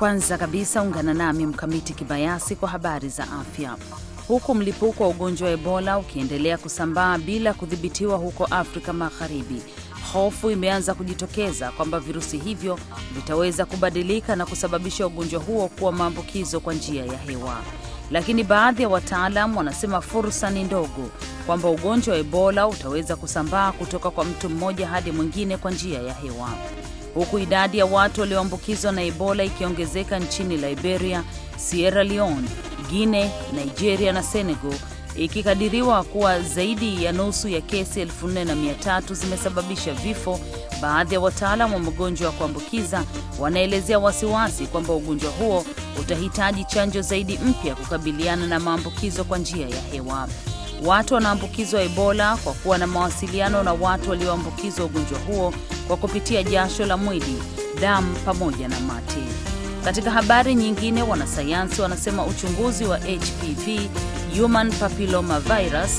Kwanza kabisa ungana nami Mkamiti Kibayasi kwa habari za afya. Huku mlipuko wa ugonjwa wa Ebola ukiendelea kusambaa bila kudhibitiwa huko Afrika Magharibi, hofu imeanza kujitokeza kwamba virusi hivyo vitaweza kubadilika na kusababisha ugonjwa huo kuwa maambukizo kwa njia ya hewa. Lakini baadhi ya wataalam wanasema fursa ni ndogo kwamba ugonjwa wa Ebola utaweza kusambaa kutoka kwa mtu mmoja hadi mwingine kwa njia ya hewa huku idadi ya watu walioambukizwa na Ebola ikiongezeka nchini Liberia, Sierra Leone, guine Nigeria na Senegal ikikadiriwa kuwa zaidi ya nusu ya kesi 4300 zimesababisha vifo. Baadhi ya wataalam wa magonjwa ya kuambukiza wanaelezea wasiwasi kwamba ugonjwa huo utahitaji chanjo zaidi mpya kukabiliana na maambukizo kwa njia ya hewa. Watu wanaambukizwa Ebola kwa kuwa na mawasiliano na watu walioambukizwa ugonjwa huo kwa kupitia jasho la mwili, damu pamoja na mate. Katika habari nyingine, wanasayansi wanasema uchunguzi wa HPV human papilloma virus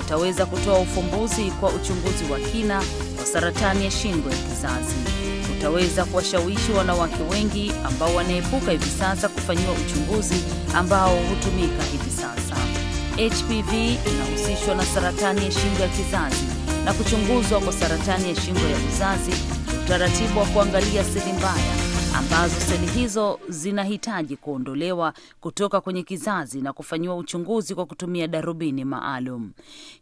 utaweza kutoa ufumbuzi kwa uchunguzi wa kina wa saratani ya shingo ya kizazi. Utaweza kuwashawishi wanawake wengi ambao wanaepuka hivi sasa kufanyiwa uchunguzi ambao hutumika hivi sasa. HPV inahusishwa na saratani ya shingo ya kizazi na kuchunguzwa kwa saratani ya shingo ya uzazi, utaratibu wa kuangalia seli mbaya ambazo seli hizo zinahitaji kuondolewa kutoka kwenye kizazi na kufanyiwa uchunguzi kwa kutumia darubini maalum.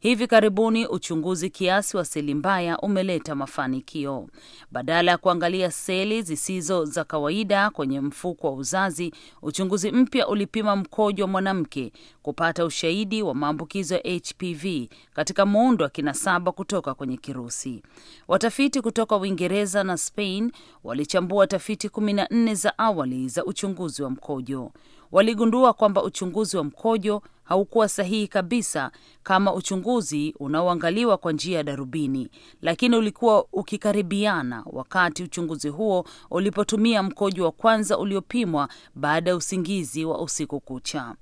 Hivi karibuni uchunguzi kiasi wa seli mbaya umeleta mafanikio. Badala ya kuangalia seli zisizo za kawaida kwenye mfuko wa uzazi, uchunguzi mpya ulipima mkojo wa mwanamke kupata ushahidi wa maambukizo ya HPV katika muundo wa kinasaba kutoka kwenye kirusi. Watafiti kutoka Uingereza na Spain walichambua tafiti nne za awali za uchunguzi wa mkojo. Waligundua kwamba uchunguzi wa mkojo haukuwa sahihi kabisa kama uchunguzi unaoangaliwa kwa njia ya darubini, lakini ulikuwa ukikaribiana wakati uchunguzi huo ulipotumia mkojo wa kwanza uliopimwa baada ya usingizi wa usiku kucha.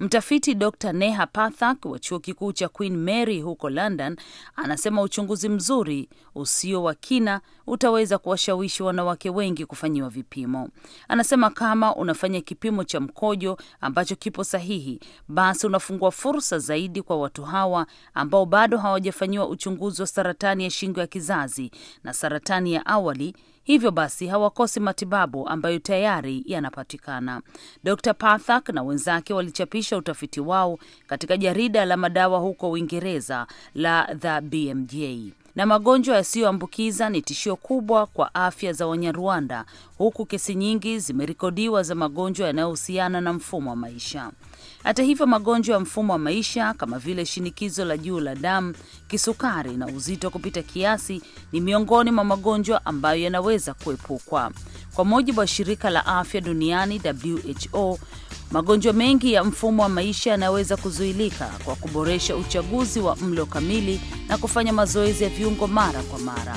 Mtafiti Dr Neha Pathak wa chuo kikuu cha Queen Mary huko London anasema uchunguzi mzuri usio wa kina utaweza kuwashawishi wanawake wengi kufanyiwa vipimo. Anasema kama unafanya kipimo cha mkojo ambacho kipo sahihi, basi unafungua fursa zaidi kwa watu hawa ambao bado hawajafanyiwa uchunguzi wa saratani ya shingo ya kizazi na saratani ya awali Hivyo basi hawakosi matibabu ambayo tayari yanapatikana. Dr Pathak na wenzake walichapisha utafiti wao katika jarida la madawa huko Uingereza la The BMJ na magonjwa yasiyoambukiza ni tishio kubwa kwa afya za Wanyarwanda, huku kesi nyingi zimerekodiwa za magonjwa yanayohusiana na mfumo wa maisha. Hata hivyo, magonjwa ya mfumo wa maisha kama vile shinikizo la juu la damu, kisukari na uzito kupita kiasi ni miongoni mwa magonjwa ambayo yanaweza kuepukwa. Kwa mujibu wa shirika la afya duniani WHO, magonjwa mengi ya mfumo wa maisha yanaweza kuzuilika kwa kuboresha uchaguzi wa mlo kamili na kufanya mazoezi ya viungo mara kwa mara.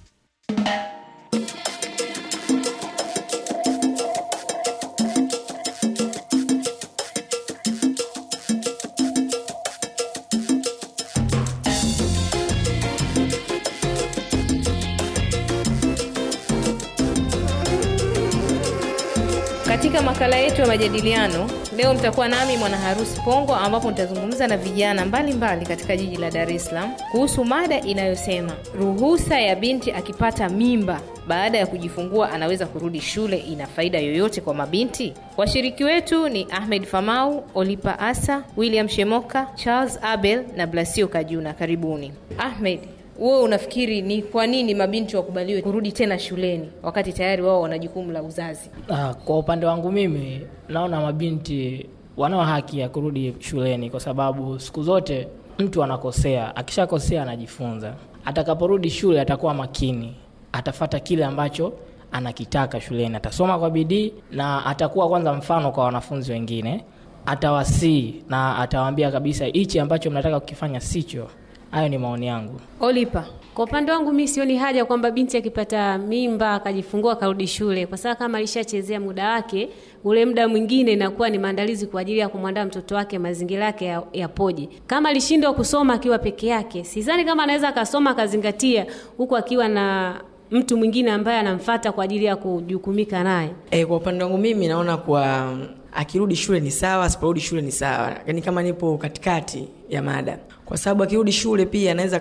makala yetu ya majadiliano leo, mtakuwa nami Mwana Harusi Pongo, ambapo nitazungumza na vijana mbalimbali mbali katika jiji la Dar es Salaam kuhusu mada inayosema ruhusa ya binti akipata mimba baada ya kujifungua anaweza kurudi shule, ina faida yoyote kwa mabinti? Washiriki wetu ni Ahmed Famau, Olipa Asa, William Shemoka, Charles Abel na Blasio Kajuna. Karibuni. Ahmed, wewe unafikiri ni kwa nini mabinti wakubaliwe kurudi tena shuleni wakati tayari wao wana jukumu la uzazi? Ah, kwa upande wangu mimi naona mabinti wanao haki ya kurudi shuleni, kwa sababu siku zote mtu anakosea, akishakosea anajifunza. Atakaporudi shule atakuwa makini, atafata kile ambacho anakitaka shuleni, atasoma kwa bidii na atakuwa kwanza mfano kwa wanafunzi wengine, atawasii na atawaambia kabisa, hichi ambacho mnataka kukifanya sicho Hayo ni maoni yangu. Olipa, kwa upande wangu mi sioni haja kwamba binti akipata mimba akajifungua akarudi shule, kwa sababu kama alishachezea muda wake, ule muda mwingine inakuwa ni maandalizi kwa ajili ya kumwandaa mtoto wake mazingira yake yapoje. Ya kama alishindwa kusoma akiwa peke yake, sidhani kama anaweza akasoma akazingatia huku akiwa na mtu mwingine ambaye anamfata kwa ajili ya kujukumika naye. E, kwa upande wangu mimi naona kwa mm, akirudi shule ni sawa, asiporudi shule ni sawa, yaani kama nipo katikati ya mada, kwa sababu akirudi shule pia anaweza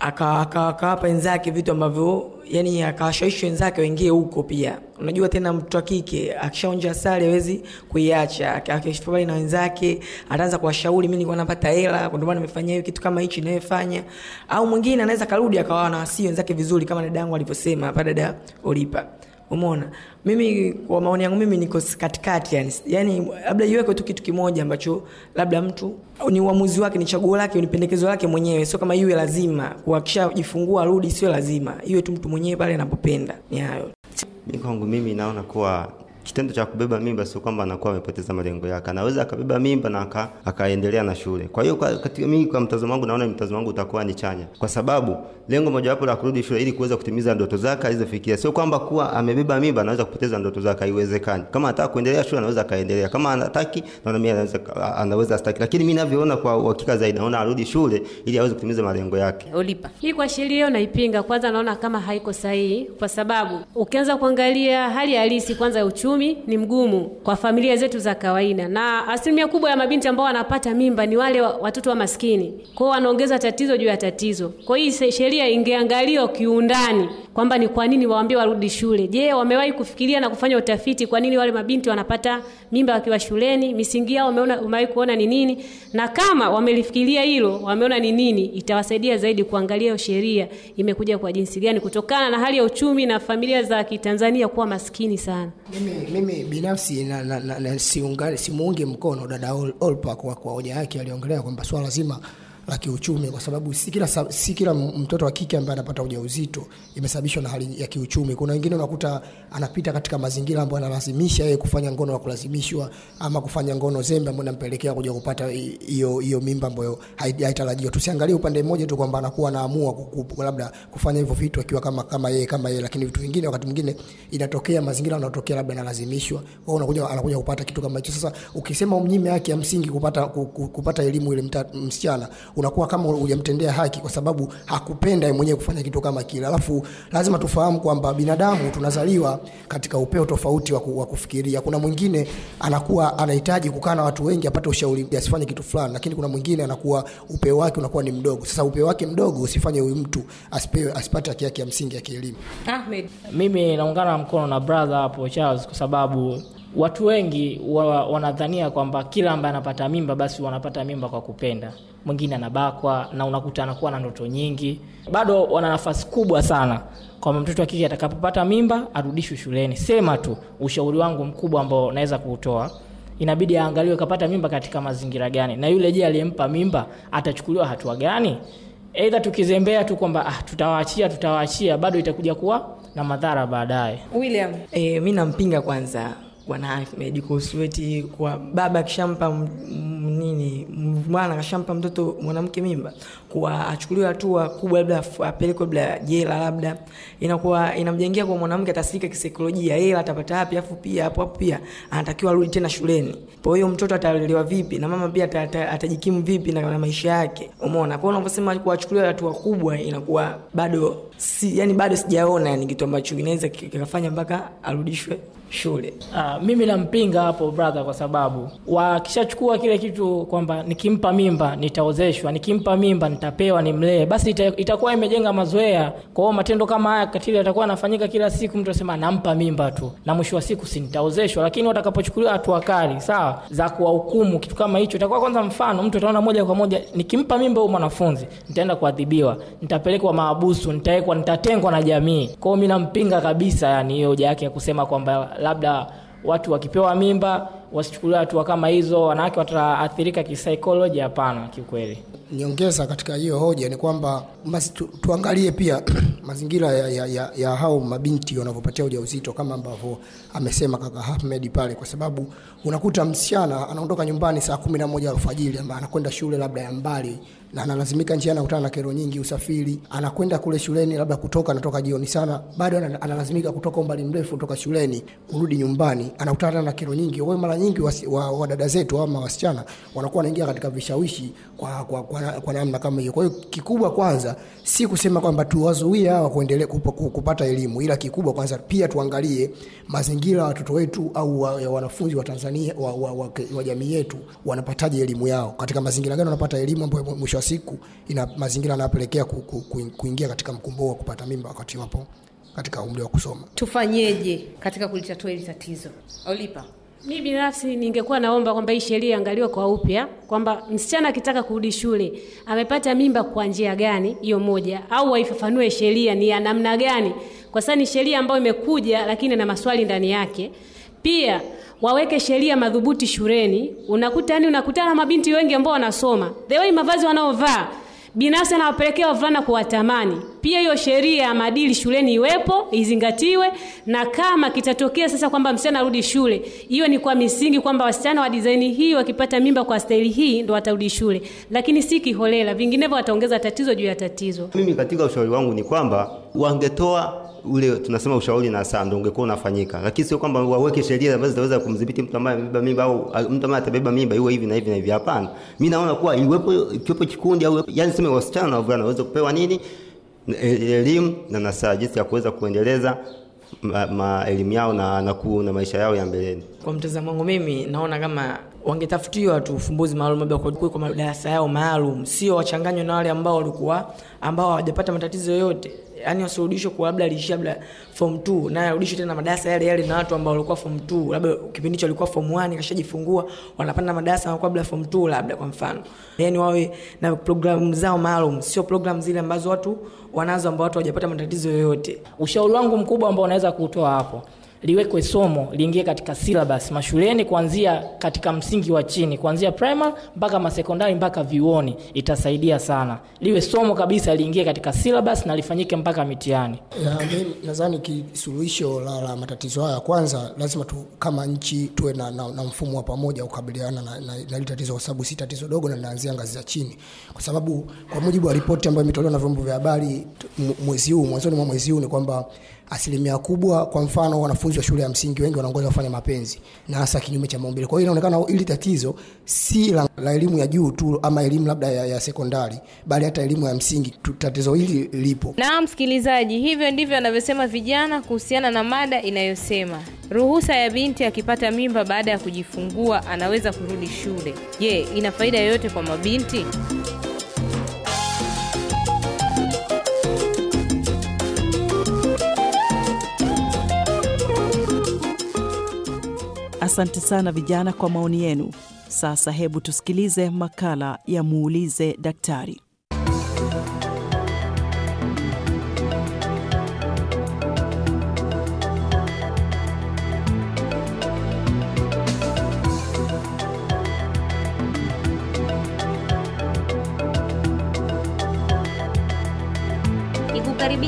akawapa wenzake vitu ambavyo yani akawashawishi wenzake waingie huko pia. Unajua tena mtoto wa kike akishaonja asali hawezi kuiacha, akishafanya na wenzake ataanza kuwashauri, mimi nilikuwa napata hela, ndio maana nimefanya hiyo kitu kama hichi ninayofanya. Au mwingine anaweza karudi akawa na wasii wenzake vizuri, kama dada yangu alivyosema hapa, dada Olipa umona mimi kwa maoni yangu mimi niko katikati, yani yani, labda iweko tu kitu kimoja ambacho labda mtu ni uamuzi wake, ni chaguo lake, ni pendekezo lake mwenyewe, sio kama iwe lazima kuhakisha jifungua rudi sio lazima iwe tu mtu mwenyewe pale anapopenda. Ni hayo mi kwangu mimi naona kuwa kitendo cha kubeba mimba sio kwamba anakuwa amepoteza malengo yake, anaweza akabeba mimba na akaendelea na shule. Kwa hiyo katika mimi, kwa mtazamo wangu, naona mtazamo wangu utakuwa ni chanya, kwa sababu lengo mojawapo la kurudi shule ili kuweza kutimiza ndoto zake alizofikia. Sio kwamba kuwa amebeba mimba anaweza kupoteza ndoto zake, haiwezekani. Kama anataka kuendelea shule anaweza akaendelea, kama anataki naona mimi anaweza anaweza astaki, lakini mimi ninavyoona kwa uhakika zaidi, naona arudi shule ili aweze kutimiza malengo yake. Ulipa hii kwa sheria hiyo naipinga. Kwanza naona kama haiko sahihi, kwa sababu ukianza kuangalia hali halisi kwanza ya uchumi uchumi ni mgumu kwa familia zetu za kawaida, na asilimia kubwa ya mabinti ambao wanapata mimba ni wale watoto wa maskini, kwao wanaongeza tatizo juu ya tatizo. Kwa hii sheria ingeangaliwa kiundani kwamba ni kwa nini waambie warudi shule. Je, wamewahi kufikiria na kufanya utafiti kwa nini wale mabinti wanapata mimba wakiwa shuleni? Misingi yao wameona, wamewahi kuona ni nini? Na kama wamelifikiria hilo, wameona ni nini, itawasaidia zaidi kuangalia sheria imekuja kwa jinsi gani kutokana na hali ya uchumi na familia za Kitanzania kuwa maskini sana. Mimi mimi, binafsi na, na, na, na simuunge mkono dada Olpa kwa, kwa hoja yake aliongelea kwamba swala zima la kiuchumi, kwa sababu si kila, si kila mtoto wa kike ambaye anapata ujauzito imesababishwa na hali ya kiuchumi. Kuna wengine unakuta anapita katika mazingira ambayo analazimisha yeye kufanya ngono ya kulazimishwa ama kufanya ngono zembe ambayo inampelekea kuja kupata hiyo hiyo mimba ambayo haitarajiwa. Tusiangalie upande mmoja tu kwamba anakuwa anaamua labda kufanya hivyo vitu akiwa kama kama yeye kama yeye, lakini vitu vingine wakati mwingine inatokea mazingira yanatokea, labda analazimishwa, kwa unakuja anakuja kupata kitu kama hicho. Sasa ukisema mnyime haki ya msingi kupata kupata elimu ile msichana unakuwa kama hujamtendea haki, kwa sababu hakupenda yeye mwenyewe kufanya kitu kama kile. Alafu lazima tufahamu kwamba binadamu tunazaliwa katika upeo tofauti wa kufikiria. Kuna mwingine anakuwa anahitaji kukaa na watu wengi apate ushauri asifanye kitu fulani, lakini kuna mwingine anakuwa upeo wake unakuwa ni mdogo. Sasa upeo wake mdogo usifanye huyu mtu asipewe asipate haki yake ya msingi ya kielimu. Ahmed, mimi naungana mkono na brother hapo Charles kwa sababu Watu wengi wa, wanadhania kwamba kila ambaye anapata mimba basi wanapata mimba kwa kupenda. Mwingine anabakwa na unakuta anakuwa na ndoto nyingi. Bado wana nafasi kubwa sana kwamba mtoto wa kike atakapopata mimba arudishwe shuleni. Sema tu ushauri wangu mkubwa ambao naweza kuutoa, inabidi aangaliwe kapata mimba katika mazingira gani, na yule je, aliyempa mimba atachukuliwa hatua gani? eidha tukizembea tu kwamba ah, tutawaachia tutawaachia, bado itakuja kuwa na madhara baadaye. William, e, mi nampinga kwanza wana Ahmed kuhusueti kwa baba akishampa nini mwana akishampa mtoto mwanamke mimba, kuwa achukuliwe hatua kubwa, labda apelekwe labda jela, labda inakuwa inamjengea kwa mwanamke atasika kisaikolojia, yeye atapata wapi? Afu pia hapo hapo pia anatakiwa arudi tena shuleni. Kwa hiyo mtoto atalelewa vipi na mama pia atajikimu vipi na, na maisha yake? Umeona? Kwa hiyo unaposema kwa achukuliwe hatua kubwa, inakuwa bado si yani, bado sijaona yani kitu ambacho inaweza kikafanya mpaka arudishwe shule. Ah, mimi nampinga hapo brother, kwa sababu wakishachukua kile kitu kwamba nikimpa mimba nitaozeshwa, nikimpa mimba nitapewa nimlee, basi ita, itakuwa imejenga mazoea. Kwa hiyo matendo kama haya katili atakuwa anafanyika kila siku, mtu asema nampa mimba tu na mwisho wa siku si nitaozeshwa. Lakini watakapochukuliwa hatua kali sawa za kuwahukumu kitu kama hicho, itakuwa kwanza, mfano mtu ataona moja kwa moja, nikimpa mimba huyu mwanafunzi nitaenda kuadhibiwa, nitapelekwa maabusu, nitawekwa, nitatengwa na jamii. Kwa hiyo mimi nampinga kabisa, yani hiyo hoja yake ya kusema kwamba labda watu wakipewa mimba wasichukuliwa hatua kama hizo, wanawake wataathirika kisaikoloji Hapana, kiukweli. Niongeza katika hiyo hoja ni kwamba tu, tuangalie pia mazingira ya, ya, ya, ya hao mabinti wanavyopatia ujauzito kama ambavyo amesema kaka Ahmed pale, kwa sababu unakuta msichana anaondoka nyumbani saa kumi na moja alfajiri ambaye anakwenda shule labda ya mbali na analazimika njia anakutana na kero nyingi, usafiri, anakwenda kule shuleni, labda kutoka anatoka jioni sana, bado analazimika kutoka umbali mrefu kutoka shuleni kurudi nyumbani, anakutana na kero nyingi. Kwa hiyo mara nyingi wadada wa, wa zetu ama wasichana wanakuwa wanaingia katika vishawishi kwa, kwa, kwa, kwa kwa namna kama hiyo. Kwa hiyo kikubwa kwanza si kusema kwamba tuwazuie hawa kuendelea kupata elimu, ila kikubwa kwanza pia tuangalie mazingira ya watoto wetu au wa, ya wanafunzi wa Tanzania wa, wa, wa, wa, wa jamii yetu wanapataje elimu yao, katika mazingira gani wanapata elimu ambayo mwisho siku ina mazingira yanapelekea ku, ku, ku, kuingia katika mkumbo wa kupata mimba wakati wapo katika umri wa kusoma. Tufanyeje katika kulitatua hili tatizo? Olipa. Mi binafsi ningekuwa naomba kwamba hii sheria iangaliwe kwa upya, kwamba msichana akitaka kurudi shule amepata mimba kwa njia gani, hiyo moja, au waifafanue sheria ni ya namna gani, kwa sababu ni sheria ambayo imekuja, lakini na maswali ndani yake. Pia waweke sheria madhubuti shuleni. Unakuta yani, unakutana na mabinti wengi ambao wanasoma, the way mavazi wanaovaa binafsi anawapelekea wavulana kuwatamani. Pia hiyo sheria ya maadili shuleni iwepo, izingatiwe, na kama kitatokea sasa kwamba msichana arudi shule, hiyo ni kwa misingi kwamba wasichana wa dizaini hii wakipata mimba kwa staili hii ndo watarudi shule, lakini si kiholela, vinginevyo wataongeza tatizo juu ya tatizo. Mimi katika ushauri wangu ni kwamba wangetoa ule tunasema ushauri na saa ndio ungekuwa unafanyika, lakini sio kwamba waweke sheria ambazo zitaweza kumdhibiti mtu ambaye amebeba mimba au mtu ambaye atabeba mimba iwe hivi na hivi na hivi. Hapana, mimi naona kuwa iwepo kiwepo kikundi au yani sema wasichana na wavulana waweze kupewa nini e, elimu na nasaha jinsi ya kuweza kuendeleza elimu yao na, na, na maisha yao ya mbeleni. Kwa mtazamo wangu mimi naona kama wangetafutiwa tu ufumbuzi maalum, labda kwa kwa madarasa yao maalum, sio wachanganywe na wale ambao walikuwa ambao hawajapata matatizo yoyote, yani wasirudishwe kwa labda alishia labda form 2 na arudishwe tena madarasa yale yale na watu ambao walikuwa form 2, labda kipindi hicho walikuwa form 1 kashajifungua, wanapanda madarasa na kabla form 2 labda kwa mfano, yani wawe na programu zao maalum, sio programu zile ambazo watu wanazo ambao watu hawajapata matatizo yoyote. Ushauri wangu mkubwa ambao unaweza kutoa hapo liwekwe somo liingie katika syllabus mashuleni, kuanzia katika msingi wa chini, kuanzia primary mpaka masekondari mpaka viuoni itasaidia sana. Liwe somo kabisa, liingie katika syllabus na lifanyike mpaka mitihani. Na nadhani kisuluhisho la, la matatizo haya, kwanza lazima tu kama nchi tuwe na, na, na mfumo wa pamoja ukabiliana na, na, na hili tatizo, kwa sababu si tatizo dogo na linaanzia ngazi za chini, kwa sababu kwa mujibu wa ripoti ambayo imetolewa na vyombo vya habari mwezi huu, mwanzoni mwa mwezi huu ni kwamba asilimia kubwa, kwa mfano, wanafunzi wa shule ya msingi wengi wanaongoza kufanya mapenzi na hasa kinyume cha maumbile. Kwa hiyo inaonekana hili tatizo si la elimu ya juu tu ama elimu labda ya, ya sekondari, bali hata elimu ya msingi tatizo hili lipo. Na msikilizaji, hivyo ndivyo anavyosema vijana kuhusiana na mada inayosema ruhusa ya binti akipata mimba baada ya kujifungua anaweza kurudi shule. Je, ina faida yoyote kwa mabinti? Asante sana vijana kwa maoni yenu. Sasa hebu tusikilize makala ya muulize daktari.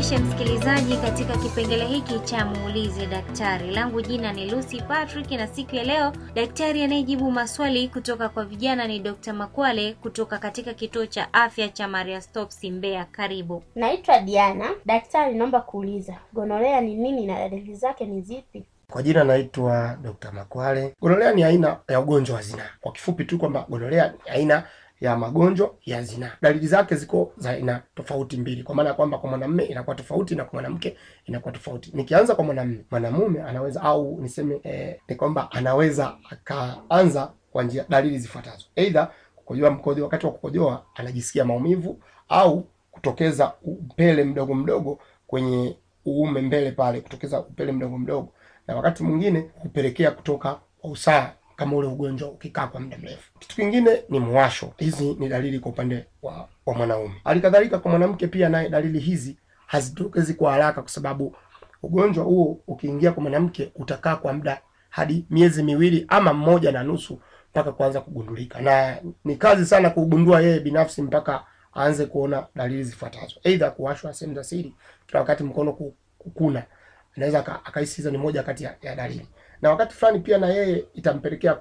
kukaribisha msikilizaji katika kipengele hiki cha muulize daktari. Langu jina ni Lucy Patrick, na siku ya leo daktari anayejibu maswali kutoka kwa vijana ni Dr. Makwale kutoka katika kituo cha afya cha Maria Stopes Mbeya. Karibu. Naitwa Diana. Daktari, naomba kuuliza gonorea ni nini na dalili zake ni zipi? Kwa jina naitwa Dr. Makwale. Gonorea ni aina ya ugonjwa wa zinaa, kwa kifupi tu kwamba gonorea ni aina ya magonjwa ya zinaa. Dalili zake ziko za aina tofauti mbili, kwa maana ya kwamba kwa mwanamume inakuwa tofauti na kwa mwanamke inakuwa tofauti. Nikianza kwa mwanamume, mwanamume anaweza au niseme eh, ni kwamba anaweza akaanza kwa njia dalili zifuatazo: aidha kukojoa mkojo, wakati wa kukojoa anajisikia maumivu au kutokeza upele mdogo mdogo kwenye uume mbele pale, kutokeza upele mdogo mdogo, na wakati mwingine kupelekea kutoka kwa usaha kama ule ugonjwa ukikaa kwa muda mrefu. Kitu kingine ni mwasho. Hizi ni dalili kwa upande wa, wa mwanaume. Halikadhalika kwa mwanamke pia naye dalili hizi hazitokezi kwa haraka, kwa sababu ugonjwa huo ukiingia kwa mwanamke utakaa kwa muda hadi miezi miwili ama mmoja na nusu mpaka kuanza kugundulika, na ni kazi sana kugundua yeye binafsi mpaka aanze kuona dalili zifuatazo: aidha kuwashwa sehemu za siri, kila wakati mkono kukuna, anaweza akahisi hizo ni moja kati ya, ya dalili na wakati fulani pia na yeye itampelekea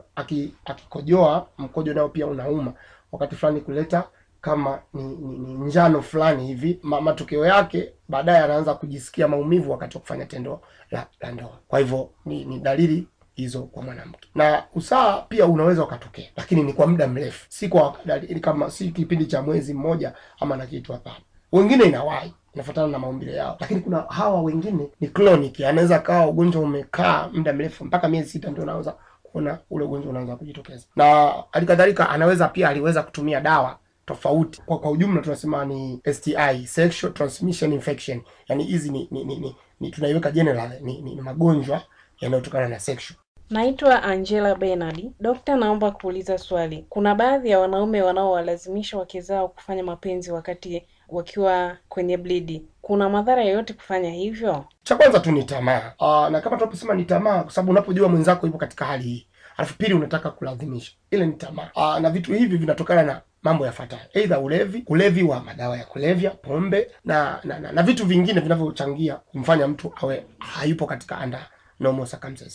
akikojoa, mkojo nao pia unauma wakati fulani, kuleta kama ni, ni, ni njano fulani hivi. Matokeo yake baadaye anaanza kujisikia maumivu wakati wa kufanya tendo la, la ndoa. Kwa hivyo ni, ni dalili hizo kwa mwanamke, na usaha pia unaweza ukatokea, lakini ni kwa muda mrefu, si kwa kama si kipindi cha mwezi mmoja ama na kitu. Hapana, wengine inawahi inafuatana na maumbile yao, lakini kuna hawa wengine ni chronic, anaweza kawa ugonjwa umekaa muda mrefu mpaka miezi sita ndio unaweza kuona ule ugonjwa unaanza kujitokeza, na halikadhalika anaweza pia aliweza kutumia dawa tofauti. Kwa kwa ujumla tunasema ni STI, sexual transmission infection, yani hizi ni, ni, ni, ni, ni tunaiweka general ni, ni, ni magonjwa yanayotokana na sexual Naitwa Angela Bernard. Dokta, naomba kuuliza swali. Kuna baadhi ya wanaume wanaowalazimisha wake zao kufanya mapenzi wakati wakiwa kwenye bleed. Kuna madhara yoyote kufanya hivyo? Cha kwanza tu ni tamaa. Uh, na kama tunaposema ni tamaa, kwa sababu unapojua mwenzako yupo katika hali hii, alafu pili unataka kulazimisha, ile ni tamaa. Uh, na vitu hivi vinatokana na mambo yafuatayo: eidha ulevi, ulevi wa madawa ya kulevya, pombe na na, na, na vitu vingine vinavyochangia kumfanya mtu awe hayupo katika anda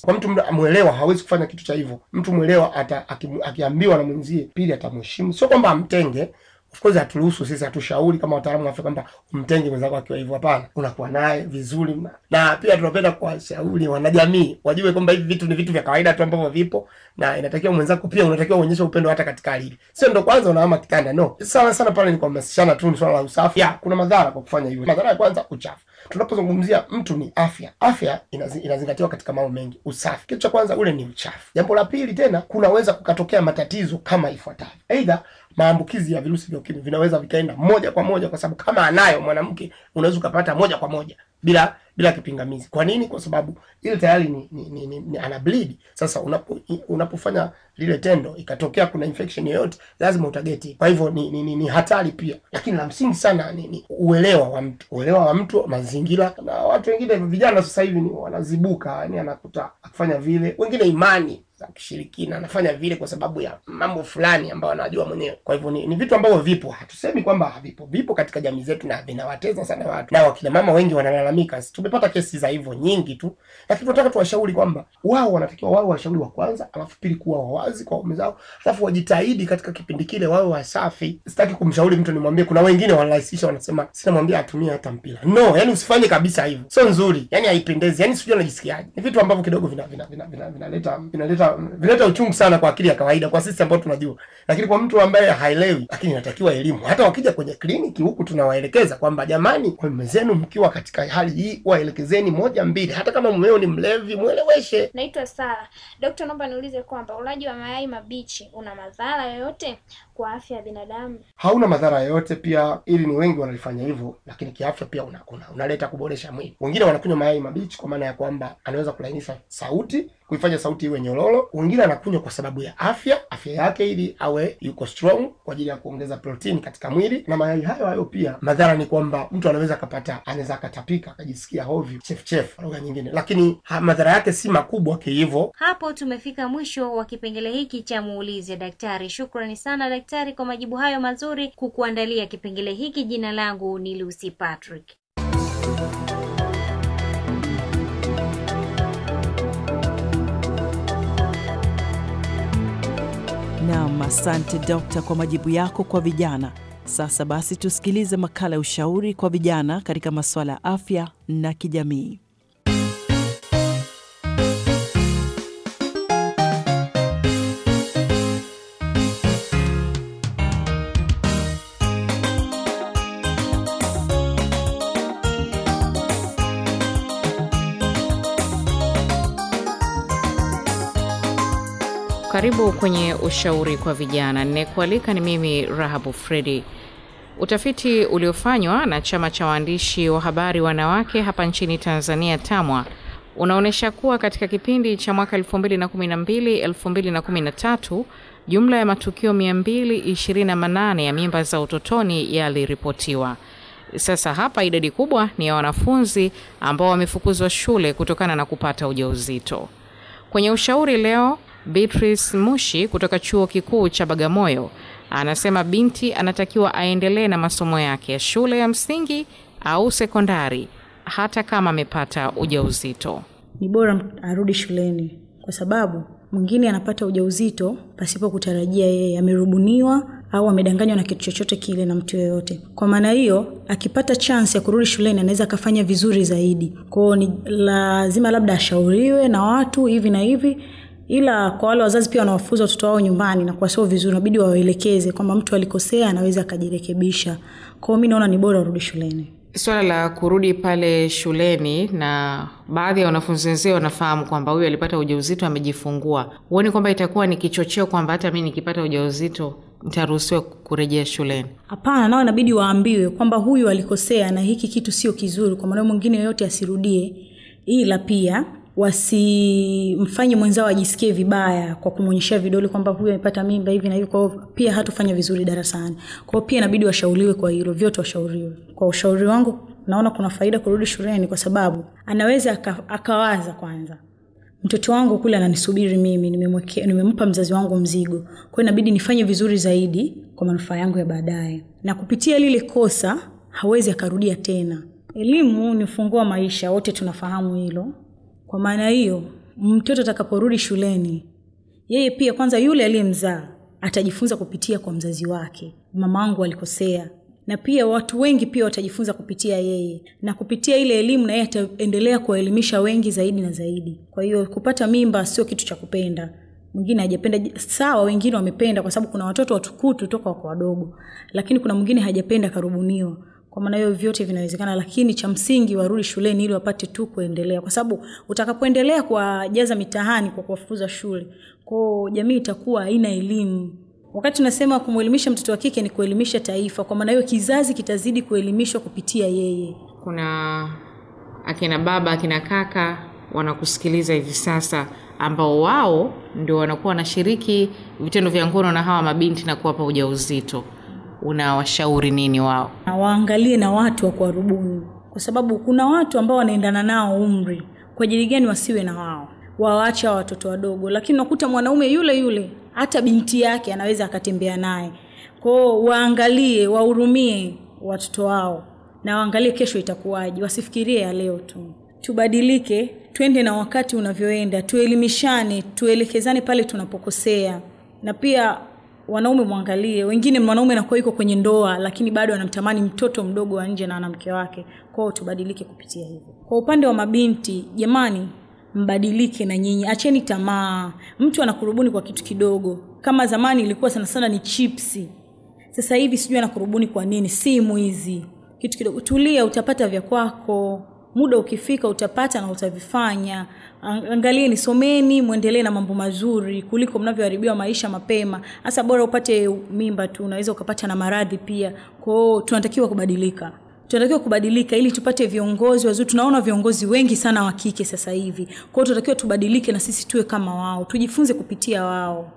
Kwa mtu mwelewa hawezi kufanya kitu cha hivyo. Mtu mwelewa ata akiambiwa na mwenzie, pili atamheshimu, sio kwamba amtenge Of course haturuhusu sisi, hatushauri kama wataalamu wa afya kwamba umtenge mwenzako akiwa hivyo. Hapana, unakuwa naye vizuri, na pia tunapenda kuwashauri wanajamii wajue kwamba hivi vitu ni vitu vya kawaida tu ambavyo vipo, na inatakiwa mwenzako pia unatakiwa uonyeshe upendo hata katika hali hii. Sio ndo kwanza unahama kitanda, no. Sana sana pale ni kuhamasishana tu, ni swala la usafi. Ya, kuna madhara kwa kufanya hivyo. Madhara ya kwanza, uchafu. Tunapozungumzia mtu ni afya, afya inazi, inazingatiwa katika mambo mengi. Usafi kitu cha kwanza, ule ni uchafu. Jambo la pili tena, kunaweza kukatokea matatizo kama ifuatavyo, aidha maambukizi ya virusi vya ukimwi vinaweza vikaenda moja kwa moja, kwa sababu kama anayo mwanamke unaweza ukapata moja kwa moja bila bila kipingamizi. Kwa nini? Kwa sababu ile tayari ni, ni, ni, ni, ni ana bleed. Sasa unapo, unapofanya lile tendo ikatokea kuna infection yoyote, lazima utageti. Kwa hivyo ni, ni, ni, ni hatari pia, lakini la msingi sana ni, ni uelewa wa mtu, uelewa wa mtu, mazingira na watu wengine. Vijana sasa hivi ni wanazibuka, yani anakuta akifanya vile, wengine imani za kishirikina, anafanya vile kwa sababu ya mambo fulani ambayo anajua mwenyewe. Kwa hivyo ni, ni vitu ambavyo vipo, hatusemi kwamba havipo, vipo katika jamii zetu na vinawateza sana watu, na wakina mama wengi wanalalamika. Tumepata kesi za hivyo nyingi tu, lakini tunataka tuwashauri kwamba wao wanatakiwa wao washauri wa kwanza, alafu pili kuwa wawazi kwa waume zao, alafu wajitahidi katika kipindi kile wawe wasafi. Sitaki kumshauri mtu nimwambie, kuna wengine wanarahisisha, wanasema sinamwambia atumie hata mpira. No, yani usifanye kabisa hivyo, sio nzuri, yani haipendezi, yani sijui anajisikiaje. Ni vitu ambavyo kidogo vinaleta vina, vina, vina, vina, vina, vina, vina, vina vinaleta uchungu sana kwa akili ya kawaida, kwa sisi ambao tunajua, lakini kwa mtu ambaye haelewi, lakini inatakiwa elimu. Hata wakija kwenye kliniki huku tunawaelekeza kwamba jamani, mume zenu mkiwa katika hali hii, waelekezeni moja mbili. Hata kama mumeo ni mlevi, mweleweshe. Naitwa Sara. Daktari, naomba niulize kwamba ulaji wa mayai mabichi una madhara yoyote? kwa afya ya binadamu hauna madhara yoyote. Pia ili ni wengi wanalifanya hivyo, lakini kiafya pia unaleta kuboresha mwili. Wengine wanakunywa mayai mabichi kwa maana ya kwamba anaweza kulainisha sauti, kuifanya sauti iwe nyororo. Wengine anakunywa kwa sababu ya afya afya yake, ili awe yuko strong kwa ajili ya kuongeza protini katika mwili. Na mayai hayo hayo pia madhara ni kwamba mtu anaweza akapata, anaweza akatapika, akajisikia hovyo, chefchef lugha nyingine, lakini ha, madhara yake si makubwa kihivyo. Hapo tumefika mwisho wa kipengele hiki cha muulizi daktari. Shukrani sana daktari daktari kwa majibu hayo mazuri. Kukuandalia kipengele hiki, jina langu ni Lucy Patrick. Nam, asante dokta kwa majibu yako kwa vijana. Sasa basi tusikilize makala ya ushauri kwa vijana katika masuala ya afya na kijamii. Karibu kwenye ushauri kwa vijana. Ninayekualika ni mimi Rahabu Fredi. Utafiti uliofanywa na chama cha waandishi wa habari wanawake hapa nchini Tanzania, TAMWA, unaonyesha kuwa katika kipindi cha mwaka 212213 jumla ya matukio 228 ya mimba za utotoni yaliripotiwa. Sasa hapa idadi kubwa ni ya wanafunzi ambao wamefukuzwa shule kutokana na kupata ujauzito. Kwenye ushauri leo Beatrice Mushi kutoka Chuo Kikuu cha Bagamoyo anasema binti anatakiwa aendelee na masomo yake ya shule ya msingi au sekondari hata kama amepata ujauzito. Ni bora arudi shuleni kwa sababu mwingine anapata ujauzito pasipo kutarajia yeye, amerubuniwa au amedanganywa na kitu chochote kile na mtu yoyote. Kwa maana hiyo, akipata chance ya kurudi shuleni anaweza akafanya vizuri zaidi. Kwao ni lazima labda ashauriwe na watu hivi na hivi ila kwa wale wazazi pia wanawafunza watoto wao nyumbani na kwa sio vizuri inabidi waelekeze kwamba mtu alikosea anaweza akajirekebisha kwao mi naona ni bora warudi shuleni swala la kurudi pale shuleni na baadhi ya wanafunzi wenzie wanafahamu kwamba huyu alipata ujauzito amejifungua huoni kwamba itakuwa ni kichocheo kwamba hata mi nikipata ujauzito ntaruhusiwa kurejea shuleni hapana nao inabidi waambiwe kwamba huyu alikosea na hiki kitu sio kizuri kwa maneno mwingine yoyote asirudie ila pia wasimfanye mwenzao ajisikie vibaya kwa kumwonyeshea vidole kwamba huyu amepata mimba hivi na hivi kwao pia hatufanya vizuri darasani kwao pia inabidi washauriwe kwa hilo vyote washauriwe kwa ushauri wangu naona kuna faida kurudi shuleni kwa sababu anaweza akawaza kwanza mtoto wangu kule ananisubiri mimi nimempa mzazi wangu mzigo kwao inabidi nifanye vizuri zaidi kwa manufaa yangu ya baadaye na kupitia lile kosa hawezi akarudia tena elimu ni ufungua maisha wote tunafahamu hilo kwa maana hiyo, mtoto atakaporudi shuleni, yeye pia kwanza yule aliyemzaa atajifunza kupitia kwa mzazi wake, mamangu alikosea, na pia watu wengi pia watajifunza kupitia yeye, na kupitia ile elimu na yeye ataendelea kuwaelimisha wengi zaidi na zaidi. Kwa hiyo kupata mimba sio kitu cha kupenda, mwingine hajapenda sawa, wengine wamependa, kwa sababu kuna watoto watukutu toka wako wadogo, lakini kuna mwingine hajapenda, karubuniwa. Kwa maana hiyo vyote vinawezekana, lakini cha msingi warudi shuleni ili wapate tu kuendelea, kwa sababu utakapoendelea kuwajaza mitahani kwa kuwafukuza shule, kwao jamii itakuwa haina elimu. Wakati tunasema kumwelimisha mtoto wa kike ni kuelimisha taifa, kwa maana hiyo kizazi kitazidi kuelimishwa kupitia yeye. Kuna akina baba, akina kaka wanakusikiliza hivi sasa, ambao wao ndio wanakuwa wanashiriki vitendo vya ngono na hawa mabinti na kuwapa ujauzito unawashauri nini wao waangalie na watu wa kuwarubuni kwa sababu kuna watu ambao wanaendana nao umri kwa ajili gani wasiwe na wao wawaache wa watoto wadogo lakini unakuta mwanaume yule yule hata binti yake anaweza akatembea naye kwao waangalie wahurumie watoto wao na waangalie kesho itakuwaji wasifikirie ya leo tu tubadilike twende na wakati unavyoenda tuelimishane tuelekezane pale tunapokosea na pia wanaume mwangalie wengine mwanaume anakuwa iko kwenye ndoa lakini bado anamtamani mtoto mdogo wa nje na wanamke wake kwao tubadilike kupitia hivyo kwa upande wa mabinti jamani mbadilike na nyinyi acheni tamaa mtu anakurubuni kwa kitu kidogo kama zamani ilikuwa sana sana ni chipsi sasa hivi sijui anakurubuni kwa nini simu hizi kitu kidogo tulia utapata vya kwako muda ukifika utapata na utavifanya angalieni someni mwendelee na mambo mazuri kuliko mnavyoharibiwa maisha mapema hasa bora upate mimba tu unaweza ukapata na maradhi pia kwao tunatakiwa kubadilika tunatakiwa kubadilika ili tupate viongozi wazuri tunaona viongozi wengi sana wa kike sasa hivi kwao tunatakiwa tubadilike na sisi tuwe kama wao tujifunze kupitia wao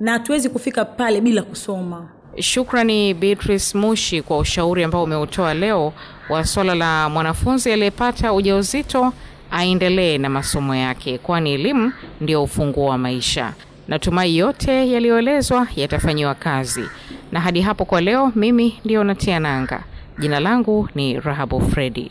na hatuwezi kufika pale bila kusoma Shukrani Beatrice Mushi kwa ushauri ambao umeutoa leo wa swala la mwanafunzi aliyepata ujauzito aendelee na masomo yake, kwani elimu ndio ufunguo wa maisha. Natumai yote yaliyoelezwa yatafanyiwa kazi. Na hadi hapo kwa leo, mimi ndio natia nanga. Jina langu ni Rahabu Fredi.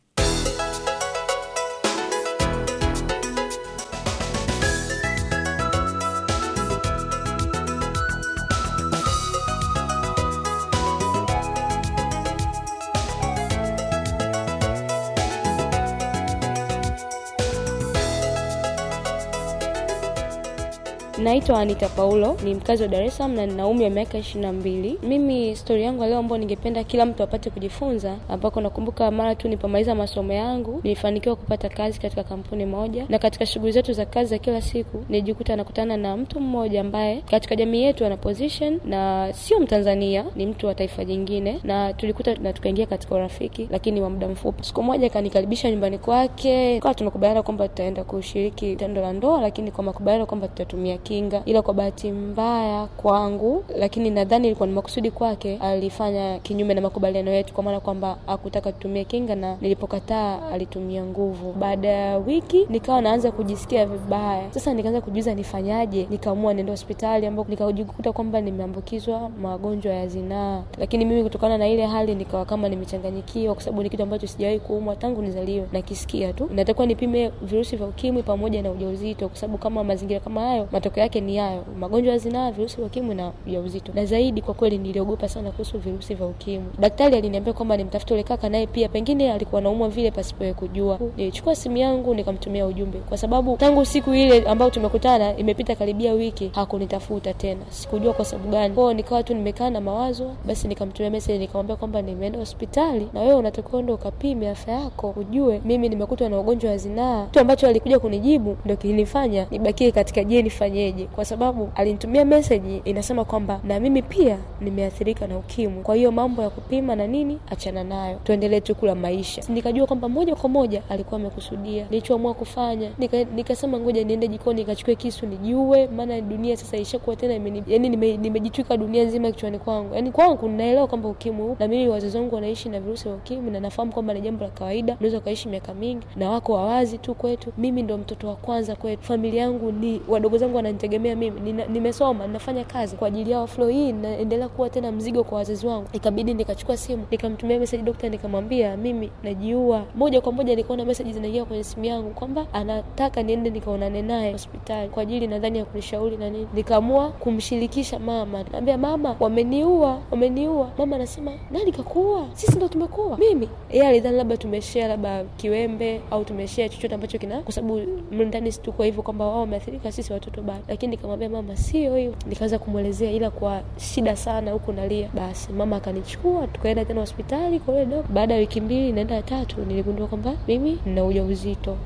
Naitwa Anita Paulo, ni mkazi wa Dar es Salaam na nina umri wa miaka ishirini na mbili. Mimi stori yangu leo ambayo ningependa kila mtu apate kujifunza, ambako nakumbuka mara tu nipomaliza masomo yangu nilifanikiwa kupata kazi katika kampuni moja, na katika shughuli zetu za kazi za kila siku nilijikuta nakutana na mtu mmoja ambaye katika jamii yetu ana position na sio Mtanzania, ni mtu wa taifa jingine, na tulikuta na tukaingia katika urafiki, lakini wa muda mfupi. Siku moja akanikaribisha nyumbani kwake, tukawa tunakubaliana kwamba tutaenda kushiriki tendo la ndoa, lakini kwa makubaliano kwamba tutatumia kinga ila kwa bahati mbaya kwangu, lakini nadhani ilikuwa ni makusudi kwake, alifanya kinyume na makubaliano yetu, kwa maana kwamba akutaka tutumie kinga, na nilipokataa alitumia nguvu. Baada ya wiki nikawa naanza kujisikia vibaya, sasa nikaanza kujiuza nifanyaje, nikaamua niende hospitali ambao nikajikuta kwamba nimeambukizwa magonjwa ya zinaa. Lakini mimi kutokana na ile hali nikawa kama nimechanganyikiwa, kwa sababu ni kitu ambacho sijawahi kuumwa tangu nizaliwe, nakisikia tu. Natakuwa nipime virusi vya ukimwi pamoja na ujauzito, kwa sababu kama mazingira kama hayo matokeo yake ni hayo, magonjwa ya zinaa, virusi vya ukimwi na ya uzito. Na zaidi kwa kweli niliogopa sana kuhusu virusi vya ukimwi. Daktari aliniambia kwamba nimtafute ule kaka, naye pia pengine alikuwa anaumwa vile pasipo kujua. Nilichukua simu yangu nikamtumia ujumbe, kwa sababu tangu siku ile ambayo tumekutana imepita karibia wiki, hakunitafuta tena, sikujua kwa sababu gani. Kwao nikawa tu nimekaa na mawazo, basi nikamtumia message nikamwambia kwamba nimeenda hospitali na wewe unatakiwa ndo ukapime afya yako ujue mimi nimekutwa na ugonjwa wa zinaa. Kitu ambacho alikuja kunijibu ndo kilinifanya nibakie katika je, nifanyeje meseji, kwa sababu alinitumia meseji inasema kwamba na mimi pia nimeathirika na ukimwi, kwa hiyo mambo ya kupima na nini achana nayo, tuendelee tu kula maisha. Nikajua kwamba moja kwa moja alikuwa amekusudia. Nilichoamua kufanya nikasema, nika ngoja niende jikoni nikachukue kisu nijue maana dunia sasa ishakuwa tena yani nimejitwika nime dunia nzima kichwani kwangu. yani kwangu naelewa kwamba ukimwi na mimi wazazi wangu wanaishi na virusi vya ukimwi, na nafahamu kwamba ni jambo la kawaida, unaweza ukaishi miaka mingi na wako wawazi tu kwetu. Mimi ndo mtoto wa kwanza kwetu, familia yangu ni wadogo zangu wana kunitegemea mimi nina, nimesoma nafanya kazi kwa ajili yao flo hii naendelea kuwa tena mzigo kwa wazazi wangu ikabidi nikachukua simu nikamtumia meseji dokta nikamwambia mimi najiua moja kwa moja nikaona meseji zinaingia kwenye simu yangu kwamba anataka niende nikaonane naye hospitali kwa ajili nadhani ya kunishauri na nini nikaamua kumshirikisha mama naambia mama wameniua wameniua mama anasema nani kakuua sisi ndo tumekuua mimi yeye alidhani labda tumeshea labda kiwembe au tumeshea chochote ambacho kina kwa sababu mndani situko hivyo kwamba wao wameathirika sisi watoto bado lakini nikamwambia mama, sio hiyo, nikaanza kumwelezea, ila kwa shida sana huko nalia. Basi mama akanichukua tukaenda tena hospitali kwa Baada ya wiki mbili naenda ya tatu, niligundua kwamba mimi nina uzito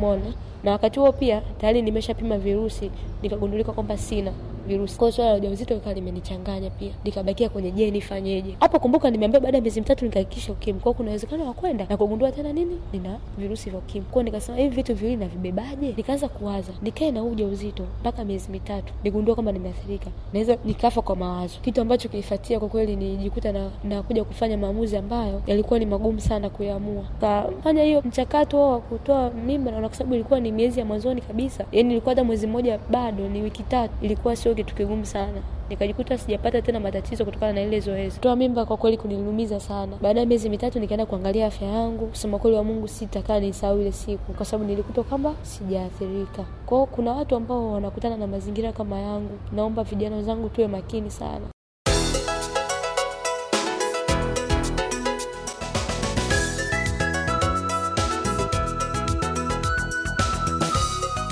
mona Na wakati huo pia tayari nimeshapima virusi, nikagundulika kwamba sina virusi. Kwa swala la ujauzito ikawa limenichanganya pia, nikabakia kwenye je, nifanyeje hapo. Kumbuka nimeambia baada ya miezi mitatu nikahakikisha ukimwi, kwao kuna uwezekano wa kwenda na kugundua tena nini, nina virusi vya ukimwi. kwao nikasema hivi vitu viwili navibebaje? Nikaanza kuwaza, nikae na ujauzito mpaka miezi mitatu, nigundua kwamba nimeathirika, naweza nikafa kwa mawazo, kitu ambacho kilifatia kwa kweli nijikuta na, na kuja kufanya maamuzi ambayo yalikuwa ni magumu sana kuyamua Kafanya hiyo mchakato wa kutoa mimba, naona kwa sababu ilikuwa ni miezi ya mwanzoni kabisa, yani ilikuwa hata mwezi mmoja bado, ni wiki tatu, ilikuwa sio hiyo kitu kigumu sana nikajikuta sijapata tena matatizo kutokana na ile zoezi. Toa mimba kwa kweli kunilumiza sana. Baada ya miezi mitatu nikaenda kuangalia afya yangu. Kusema kweli wa Mungu, sitakaa nisahau ile siku, kwa sababu nilikuta kwamba sijaathirika. Kwao kuna watu ambao wanakutana na mazingira kama yangu. Naomba vijana wenzangu tuwe makini sana.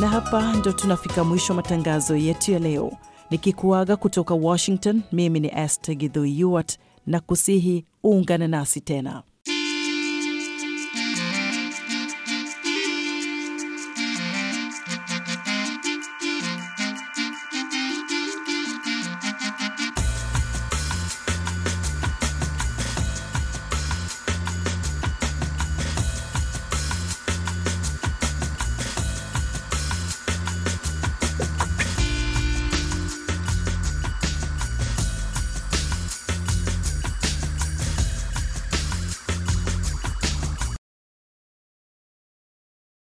Na hapa ndo tunafika mwisho matangazo yetu ya leo. Nikikuaga kutoka Washington, mimi ni Esther Githui na kusihi uungane nasi tena.